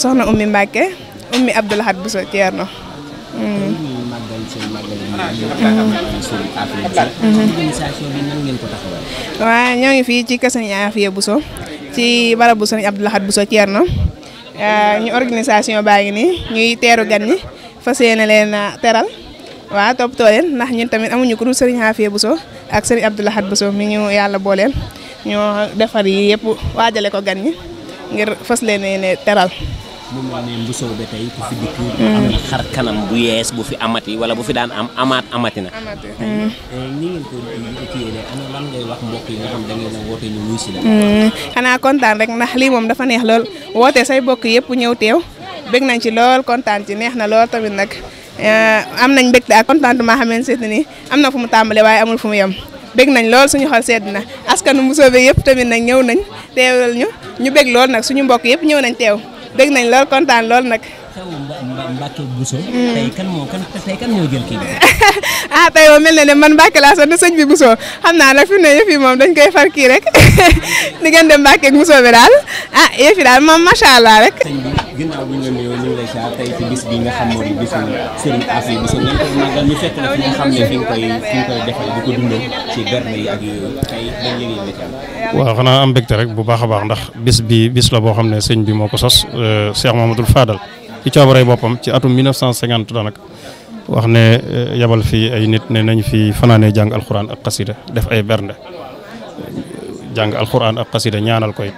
soxna ummi Mbacke ummi Abdoulahad Bousso Thierno. Mm. waaw ñoo ngi fii ci kër Sëriñ Afia Bousso ci barabu Sëriñ Abdoulahad Bousso Thierno ñu organisation baa ngi nii ñuy teeru gan ñi fas yéene leen teral waaw toppatoo leen ndax ñu tamit amuñu ku dul Sëriñ Afia Bousso ak Sëriñ Abdoulahad Bousso mi ñu yàlla booleel ñoo defar yi yëpp waajale ko gan ñi ngir fas leen teral mu mel ne Mbusoo xar kanam bu yees bu fi amati wala bu fi daan am amaat amati na. Eh, ni ngeen wax mbokk yi hmm, xanaa kontaan rek ndax lii moom dafa neex lool woote say bokk yëpp ñëw teew bëgg nañ ci lool kontaan ci neex na lool tamit nag eh, am nañ mbégte ak contentement xamante ne nii am na fu mu tàmbale waaye amul fu mu yem. bég nañ lool suñu xol sedd na nu Mbusoo bi yëpp tamit nañ ñëw nañ teewal ñu ñu bég lool nag suñu mbokk yëpp ñëw nañ teew. bëgg nañ lool kontaan lool nag. kan ah, moom mel na ne man Mbacke laa sonn sëñ bi Bousso xam naa nag fi mu ne yëf yi moom dañ koy far rek diggante Mbacke ak Bousso bi daal ah yëf daal moom macha allah rek. bis bi nga xam moom bisu fi nga xam ne fi nga koy fi nga koy defal di ko dundal ci berne yi ak yooyu tey xanaa am mbégte rek bu baax a baax ndax bis bi bis la boo xam ne sëñ bi moo ko sos euh, Cheikh Mamadou Fadal ci coobaree boppam ci atum 1950 daanaka wax ne eh, yabal fii ay nit ne nañ fi fanaanee jàng alxuraan ak xasida def ay bernde jàng alxuraan ak xasida ñaanal koy it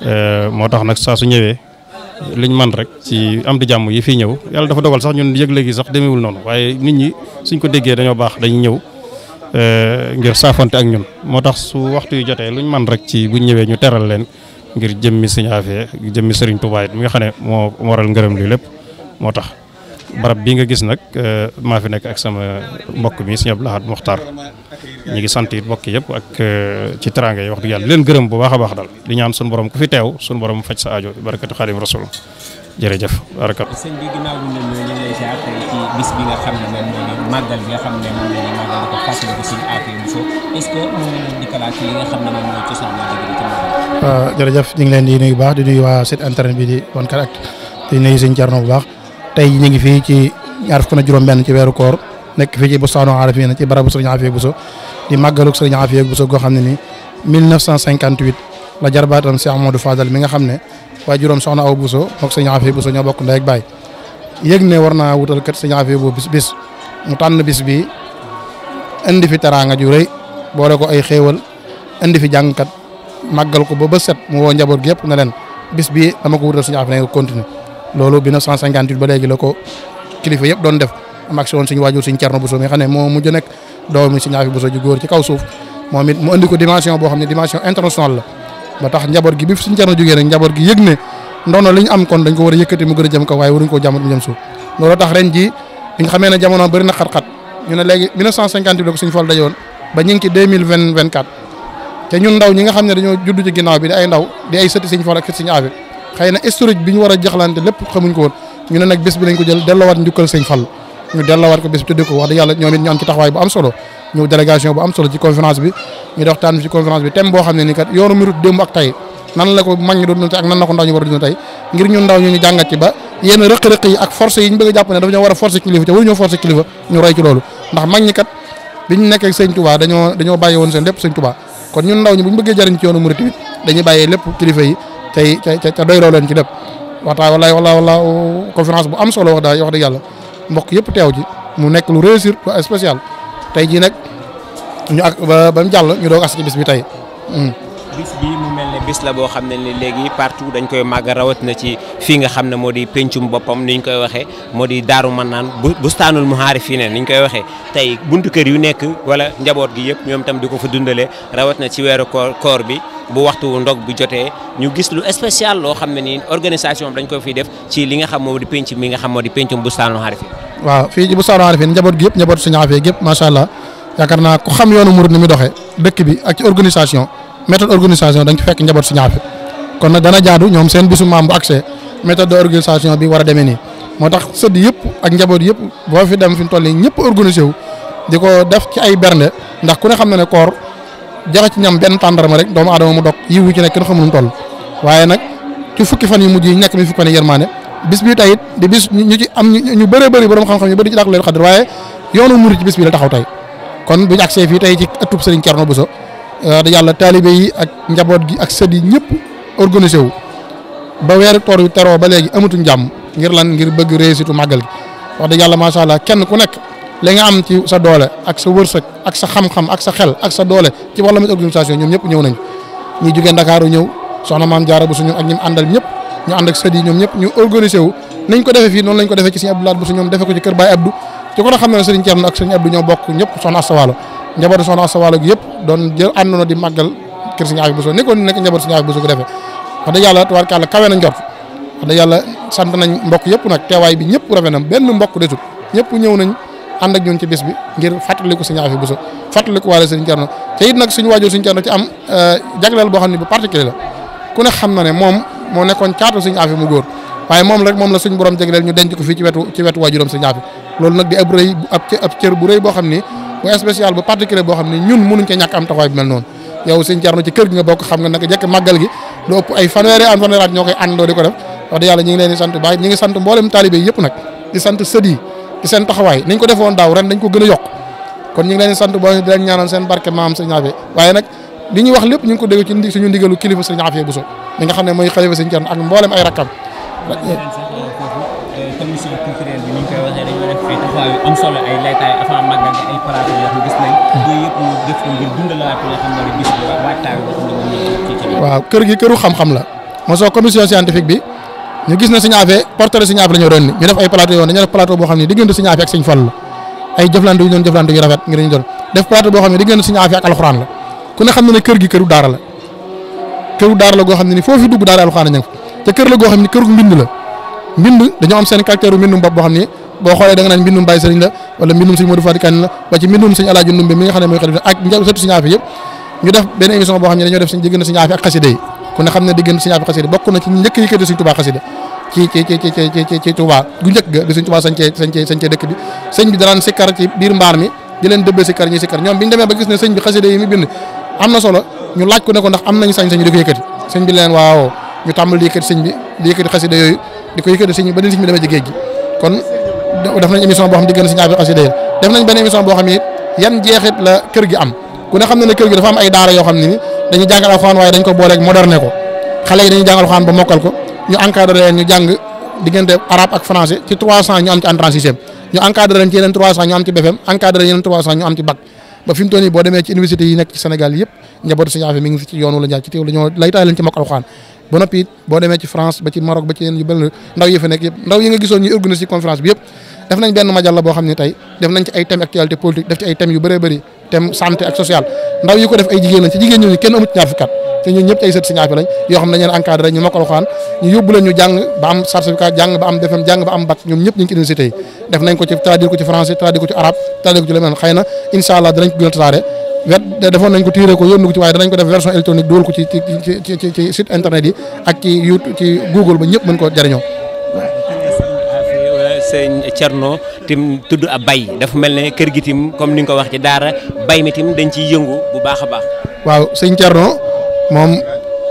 eh, moo tax nag saa su ñëwee liñ man rek ci am di jàmm yi fi ñëw yàlla dafa dogal sax ñun yëg léegi sax demeewul noonu waaye nit ñi suñ ko déggee dañoo baax dañu ñëw eh, ngir saafante ak ñun moo tax su waxtu yu jotee luñ man rek ci buñ ñëwee ñu teral leen ngir jëmmi Sëñ Afia jëmmi Sëriñ Tuubaa it mi nga xam ne moo waral ngërëm li lépp moo tax barab bii nga gis nag eh, maa fi nekk ak sama mbokk mi Sëñ Abdou Lahad Muxtaar ñu ngi sant it mbokk yëpp ak eh, ci teraanga yi wax dëgg yàlla leen gërëm bu baax a baax daal di ñaan suñu borom ku fi teew suñu borom faj sa aajo barakatu xaadim rasul jërëjëf barakatu sëñ bi ginnaaw bi ñu ñu ngi lay jaar tey ci bis bi nga xam ne moom mooy màggal bi nga xam ne moom la ñu màggal di ko fàttali ko suñu Afia Bousso est-ce que mën nga dikalaat ci li nga xam ne moom mooy cosaan la dëgg Euh, jërëjëf ñu ngi leen di nuyu bu baax di nuyu waa site internet bi di 24actu di nuyu sëñ Thierno bu baax tey ñu ngi fii ci ñaar fukk na juróom-benn ci weeru koor nekk fii ci Bustaanu Arifina ci barabu sëriñ Afiya Buso di màggaluk sëriñ Afiya Buso goo xam ne ni 1958 la jarbaatam Cheikh Amadou Fadal mi nga xam ne waaye juróom soxna aw Buso mook sëriñ ñoo bokk ndey ak baay yëg ne war naa wutal kat sëriñ Afiya bu bis bis mu tànn bis bi indi fi teraanga ju rëy boole ko ay xéewal indi fi jàngkat màggal ko ba ba set mu woo njaboot gi yëpp ne leen bis bii dama ko wutal suñu affaire nga continuer loolu bi 1958 ba léegi la ko kilifa doon def am action woon suñu waajur suñu Cerno ci kaw boo xam ne dimension internationale la ba tax njaboot gi bi suñu Cerno jógee nag yëg ne ndono li ñu am kon dañ ko war a yëkkati mu gën a jëm kaw waaye waruñ koo jàmmat mu jëm suuf ko suñu Fall dajoon ba ñu ngi ci 2024 te ñun ndaw ñi nga xam ne dañoo judd ci ginnaaw bi di ay ndaw di ay sëti siñ foon ak sëti siñ aafi xëy na historique bi ñu war a jaxlante lépp xamuñ ko woon ñu ne bi lañ ko jël ñu delloowaat ko bés bi tudde ko wax dëgg yàlla ñoom it ñu am ci taxawaay bu am solo ñu délégation bu am solo ci ne ni kat yoonu ak tey nan la ko mag doon dund a dund tey ngir ñun ndaw ñu ñu jàngat ci ba yenn rëq-rëq yi ak force yi ñu bëgg a jàpp ne dafa ñoo war a forcer kilifa te waruñoo forcer kilifa ñu roy ci loolu ndax mag kat biñ nekk ak sëñ Tuubaa dañoo dañoo woon seen lépp sëñ Tuubaa kon ñun ndaw ñi bu ñu bëggee jariñ ci yoonu murit tamit dañuy bàyyee lépp kilifa yi tey ca ca doyloo leen ci lépp waxtaan walaay wala walla conférence bu am solo wax daal wax dëgg yàlla mbokk yëpp teew ji mu nekk lu réussir lu spécial tey jii nag ñu ak ba mu jàll ñu doog as ci bis bi tey. Hmm. bis bii mu mel ne bis la boo xam ne ni léegi partout dañ koy màgg rawat na ci fii nga xam ne moo di pencum boppam ni ñu koy waxee moo di daaru mën naan bu bustaanul muhaarifina ni ñu koy waxee tey buntu kër yu nekk wala njaboot gi yëpp ñoom tam di ko fa dundalee rawat na ci weeru koor koor bi bu waxtu ndog bu jotee ñu gis lu spécial loo xam ne nii organisation dañ koy fiy def ci li nga xam moo di penc mi nga xam moo di pencum bustaanul muhaarifina waaw fii ci bustaanul muhaarifina njaboot gi yëpp njaboot suñu affaire gi yëpp macha allah yaakaar naa xam yoonu murid ni mi bi ak ci organisation méthode organisation dañ ci fekk njaboot si ñaafi kon nag dana jaadu ñoom seen bisu maam bu accès méthode d'organisation bi war a demee nii moo tax sëdd yëpp ak njaboot yëpp boo fi dem fi mu toll nii ñëpp organisé wu di ko def ci ay bernde ndax ku ne xam ne ne koor jaxe ci ñam benn tàndarma rek doomu aadama mu dog yi wu ci nekk kenn xamul mu toll waaye fukki fan yu mujj yi nekk mi fukki fan yërmaane bis bi tey it di bis ñu ci am ñu bëree bëri borom xam-xam ñu bëri ci dàq leen xadir tey kon bu yàlla taalibe yi ak njaboot gi ak sët yi ñëpp organisé wu ba weeru koor wi teroo ba léegi amatuñ jàmm ngir lan ngir bëgg réussite màggal gi wax dëgg yàlla macha allah kenn ku nekk li am ci sa doole ak sa wërsëg ak sa xam-xam ak sa xel ak sa doole ci wàllum organisation ñoom ñëpp ñëw nañ ñi jógee Ndakaaru ñëw soxna maam jaara bu suñu ak ñi mu àndal ñëpp ñu ànd ak a xam ne bokk ñëpp soxna Asta Waalo njabootu soxna Asta Walo gi yëpp doon jël àndoon di màggal kër Serigne Afia Bousso ni ko nekk njabootu Serigne Afia Bousso ko defee wax dëgg yàlla tubaarkàlla kawe nañ jot wax dëgg yàlla sant nañ mbokk yëpp nag teewaay bi ñëpp rafet na benn mbokk desut ñëpp ñëw nañ ànd ak ñun ci bis bi ngir fàttali ko Serigne Afia Bousso fàttali ko waale Serigne Thierno te it nag suñu waajur Serigne Thierno ci am euh, jagleel boo xam ne bu particulier la ku ne xam na ne moom moo nekkoon caatu Serigne Afia mu góor waaye moom rek moom la suñ borom jagleel ñu denc ko fii ci wetu ci wetu waajuram Serigne Afia loolu nag di ab rëy ab cër bu rëy boo xam ni bu spécial bu particulier boo xam ne ñun mënuñ ca ñàkk am taxawaay mel noonu yow sëñ Thierno ci kër gi nga bokk xam nga naka jekk màggal gi lu ëpp ay fanweeri an fanweeri at ñoo koy àndoo yi di seen a yokk kon ñu ngi leen di sant boo di ko ak mboolem ay rakkam taxawaay yu am solo ay laytaay gi ay plateau yoo xam gis nañ yooyu waaw kër gi këru xam-xam la moo soo commission scientifique bi ñu gis na Sëñ Afe portrait Sëñ Afe la ñu doon ni ñu def ay plateau yoo dañu def plateau boo xam ne diggante Sëñ Afe ak Sëñ Fall la ay jëflante yu doon jëflante yu rafet ngir ñu doon def plateau boo xam ne diggante Sëñ Afe ak alxuraan la ku ne xam ne ne kër gi këru daara la këru daara la goo xam ne ni foofu dugg daara alxuraan ña fa te kër la goo xam ne këru mbind la mbind dañoo am seen u mbindum bopp boo boo xoolee da nga naan mbindum Baye Sëriñ la wala mbindum Sëriñ Modou Fatick Kane la ba xam ne mooy yëkkati sëñ am na solo ñu laaj ko ne ndax am nañu sañ-sañ di ko yëkkati sëñ bi leen waaw ñu tàmbal di yëkkati sëñ bi di yëkkati sëñ bi ba ni sëñ bi kon def nañ émission boo xam diggante suñu affaire xasida yi def nañ benn émission boo xam ne yan jeexit la kër gi am ku ne xam ne ne kër gi dafa am ay daara yoo xam ni dañu jàng diggante arabe ak français ci 300 ñu am ci entrée sixième ñu encadré leen ci yeneen 300 ñu am ci BFEM encadré yeneen 300 ñu am ci bac ba fi boo demee ci université yi nekk ci Sénégal yëpp njabootu suñu affaire mi fi ci yoonu la jaar ci teew la ba noppi it boo demee ci France ba ci Maroc ba ci yeneen yu bëri ndaw yi fa nekk yëpp ndaw yi nga gisoon ñuy organiser ci bi yëpp def nañ benn majalla boo xam ne tey def nañ ci ay thème actualité politique def ci ay thèmes ko def jigéen lañ ci jigéen ñooñu kenn ci ay sët signaafi lañ yoo xam ne dañeen encadré ñu mokkal xaan ñu yóbbu leen ñu jàng ba ñëpp ñu nañ ko ci traduire ko ci français traduire a te defoon nañ ko tiiree ko yónnu ko ci waaye danañ ko def version électronique dugal ko ci ci ci ci ci site internet yi ak ci YouTube ci Google ba ñëpp mën ko jariñoo sëñ Thierno tim tudd ab bay dafa mel ne kër gi tim comme ni nga ko wax ci daara bay mi tim dañ ciy yëngu bu baax a baax. waaw sëñ Thierno moom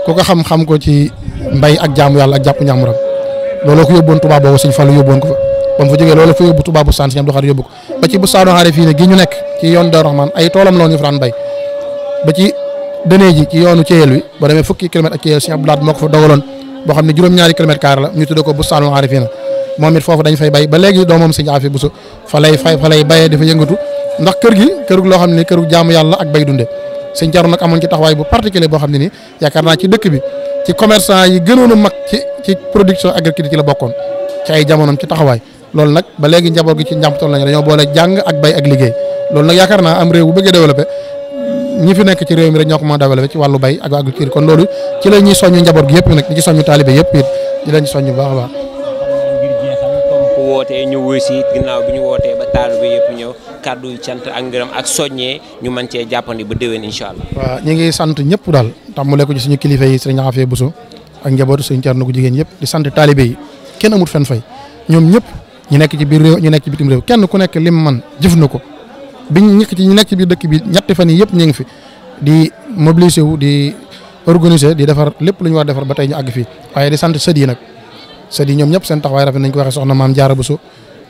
ku ko xam-xam ko ci mbay ak jaamu yàlla ak jàpp ñaamuram looloo ko yóbbuwoon Touba boobu sëñ Fallou yóbbuwoon ko fa ba mu fa jógee looloo ko yóbbu Touba bu Sane si ñoom du xaar yóbbu ko ba ci bu Saadou Xaare fii ne gi ñu nekk ci yoon Daaru Rahmaan ay toolam loolu ñu fa daan bay ba ci dënee ji ci yoonu Thiel wi ba demee fukki kilomètre ak Thiel Sëñ Abdou moo ko fa dogaloon boo xam ne juróom-ñaari kilomètre kaar moom it foofu dañ fay bay ba léegi doomam Sëñ Aafi loo xam ne kërug jaamu yàlla ak bay dunde Sëñ Caru nag amoon ci taxawaay bu particulier boo xam ne nii yaakaar naa ci dëkk bi ci commerçant yi gënoon a mag ci ci production agricole ci la ci ay jamonoom ci taxawaay loolu ba léegi njaboot gi ci njàmptool lañ dañoo boole jàng ak bay ak liggéey loolu nag yaakaar naa am réew bu bëggee développé ñi fi nekk ci réew mi rek ñoo ko mën a développé ci wàllu bay ak agriculture kon loolu ci la ñuy soññu njaboot gi yëpp nag di ci soññu taalibe yëpp wootee ñu si ginnaaw bi ñu wootee ba taalu bi yëpp ñëw kàddu yu cant ak ngërëm ak soññee ñu mën cee ni ba déwén incha allah. waaw ñu ngi sant ñëpp daal tàmbalee ko ci suñu kilifa yi sëriñ Afee Buso ak njabootu sëriñ Cerno gu jigéen yëpp di sant taalibe yi kenn amut fen fay ñoom ñëpp ñu nekk ci biir réew ñu nekk ci bitim kenn ku nekk lim man jëf na ko biñ ñëkk ci ñu biir dëkk bi ñetti fan yi yëpp ñu ngi fi di mobiliser wu di organiser di defar lépp lu ñu war defar ba tey ñu àgg fi waaye di sant sët yi nag sët yi ñoom ñëpp seen taxawaay rafet waxee soxna maam Jaara Buso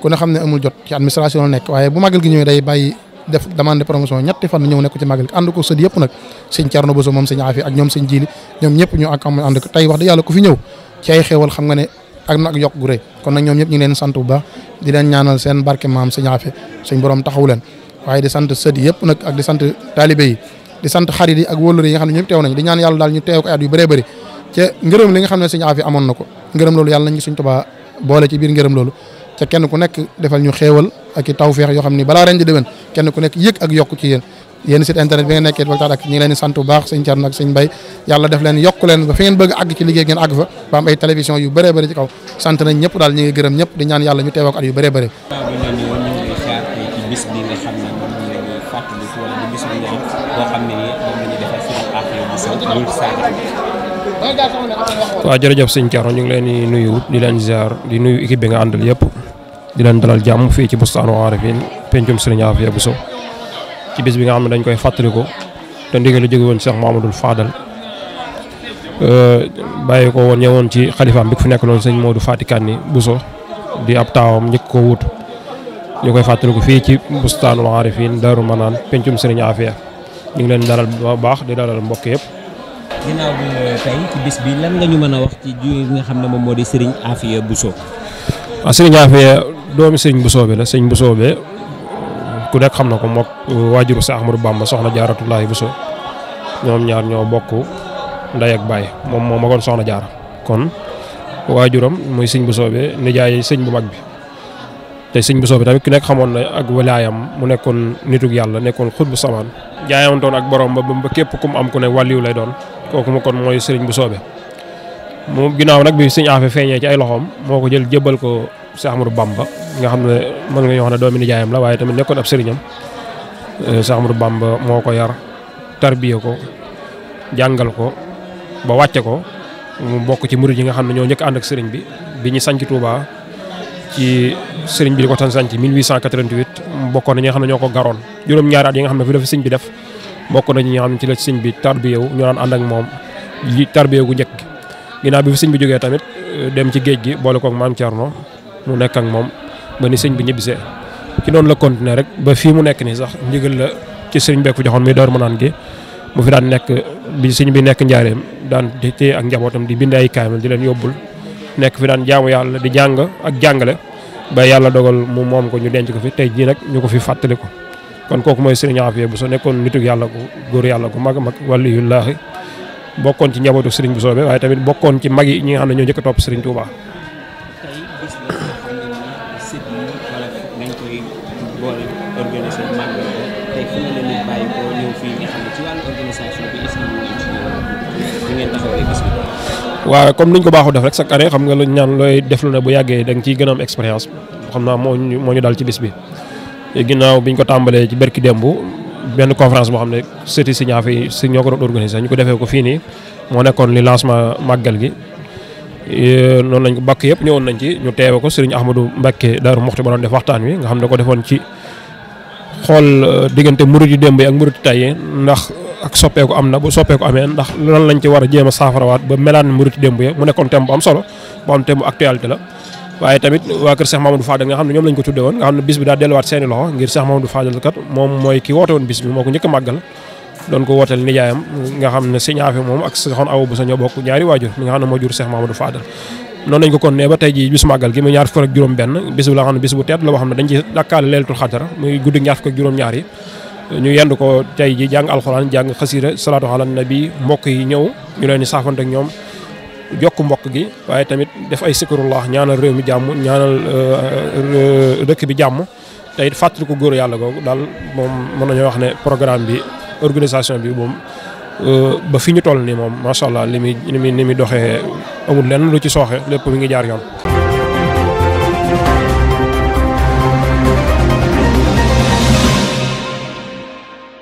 ku ne jot ci administration la nekk waaye bu màggal gi ñëwee day bàyyi def demande de promotion ñetti fan ñëw nekk ci màggal gi ànd ko sët yëpp nag sëñ Thierno Boso moom sëñ Afi ak ñoom sëñ Jili ñoom ñëpp ñu ak am ànd ko tey wax dëgg yàlla ku fi ñëw ci ay xéewal xam nga ne ak nag yokk gu kon nag ñoom ñëpp ñu ngi sant bu baax di leen ñaanal seen barke maam sëñ suñ borom taxaw leen waaye di sant sët yëpp nag ak di sant taalibe yi di sant xarit yi ak wóllëre yi nga xam ne ñëpp teew nañ di ñaan yàlla daal ñu teew ko at yu bëree bëri ca ngërëm li nga xam ne suñu aafi amoon na ko ngërëm loolu yàlla nañu suñ tubaa boole ci biir ngërëm loolu ca kenn ku nekk defal ñu xéewal ak i yoo xam ni balaa ren di déwén kenn ku nekk yëg ak yokk ci yéen yéen site internet bi nga nekkee Waltaadou ak ñi leen sant baax sëñ Thierno ak sëñ Mbaye yàlla def leen yokk leen ba fi ngeen bëgg àgg ci liggéey ngeen àgg fa ba am ay yu waa xam ne nii moom la jërëjëf sëñ Thierno ñu ngi leen di nuyu di leen ziar di nuyu équipe bi nga àndal yëpp di leen dalal jàmm fii ci Bustaanu Arifin pencum Serigne Afia Bousso ci bis bi nga xam ne dañ koy fàttaliku te ndigal lu jóge woon Cheikh Mamadou Fadal bàyyi ko woon ñëwoon ci xalifaam bi ku nekk loon sëñ Modou Fatikani Bousso di ab taawam njëkk ko wut ñu koy fàttaliku fii ci Bustaanu Arifin Daaru Manaan pencum Serigne Afia ñu ngi leen dalal bu baax di dalal mbokk yëpp. ginnaaw bi nga mën a xam ne moom moo di Serigne Afia bu waaw ah, Serigne Afia doomi Serigne Bousso bi la Serigne Bousso bi ku nekk xam na ko mook waajuru sa Ahmadou Bamba soxna Jaaratullaahi Bousso ñoom ñaar ñoo bokk ndey ak baay moom moo magoon soxna jaar kon waajuram muy Serigne Bousso bi nijaay sëñ bu mag bi. te sëñ Bousso bi tamit ku nekk xamoon na ak walaayam mu nekkoon nituk yàlla nekkoon xut bu samaan jaayantoon ak borom ba ba képp ku mu am ku ne wàlliw lay doon kooku mu kon mooy sëriñ bu bi mu ginaaw nag bi sëñ Afe feeñee ci ay loxoom moo ko jël jébbal ko Cheikh Amadou Bamba nga xam ne mën nga ñoo xam ne doomi nijaayam la waaye tamit nekkoon ab sëriñam eh, Cheikh moo ko yar tarbiye ko jàngal ko ba wàcce ko mu bokk ci murid yi nga xam ne ñoo njëkk ànd ak sëriñ bi bi ñu sanc Touba ci sëriñ bi di ko tan sanc 1888 bokkoon na ñi nga xam ne ñoo ko garoon juróom-ñaari at yi nga xam ne fi dafa sëñ bi def bokkoon na ñi xam ne ci bi tarbiyewu ñu daan ànd ak moom li tarbiyewu gu njëkk naa bi fi sëñ bi jógee tamit euh, dem ci géej gi boole koog maam Thierno mu nekk ak moom ba ni sëñ bi ñibbisee ci noonu la continuer rek ba fii mu nekk nii sax ndigal la ci sëriñ beek fu joxoon muy door mënaan gi mu fi daan nekk bi sëñ bi nekk njaareem daan téye ak njabootam di bind ay kaamil di leen yóbbul nekk fi daan jaamu yàlla di jàng ak jàngale ba yàlla dogal mu moom ko ñu denc ko fi tey jii nag ñu ko fi fàttali ko kon kooku mooy Serigne Afia bu so nekkoon nituk yàlla ko góor yàlla ko mag a mag waliyullaahi bokkoon ci njabootu Serigne bu soobee waaye tamit bokkoon ci mag yi ñi nga xam ne ñoo njëkk a topp Serigne Touba waaw comme niñ ko baaxoo def rek chaque année xam nga lu ñaan looy def lu ne bu yàggee da nga ciy gën a am expérience xam naa moo ñu daal ñu dal ci bis bi. ginnaaw biñ ko tàmbalee ci berki démb benn conférence boo xam ne sëti si ñaa fi si ñoo ko doon organisé ñu ko defee ko fii nii moo nekkoon li lancement màggal gi. noon lañ ko bakk yëpp ñëwoon nañ ci ñu teewe ko sëriñ Ahmadou mbakke Daaru Muxti ba doon def waxtaan wi nga xam ne ko defoon ci xool euh, diggante murit yu démb yi ak murit tay ndax. ak soppeeku am na bu soppeeku amee ndax lan lañ war a jéem a saafarawaat ba melaan murit démb ya mu nekkoon thème bu am solo bu am thème bu actualité la waaye tamit waa kër Cheikh Mamadou Fadel nga xam ne ko ne bis bi a moo jur Cheikh Mamadou Fadel noonu lañ ko kon ne ba tey ji bis màggal gi muy ñaar fukk ak juróom benn bis bi la xam ne bis bu teet la boo xam ne dañ ci dakkaale leeltul xadara muy guddi ñaar fukk ak juróom ñaar ñu yend ko tey ji jàng alxuraan jàng xasiira salaatu ala bi mbokk yi ñëw ñu leen di saafante ak ñoom jokk mbokk gi waaye tamit def ay sikurullah ñaanal réew mi jàmm ñaanal euh, dëkk bi jàmm te it fàttali ko góor yàlla googu daal moom mën nañoo wax ne programme bi organisation bi moom euh, ba fi ñu toll nii moom macha allah li muy ni muy ni muy doxee amul lenn lu ci sooxe lépp mi ngi jaar yoon.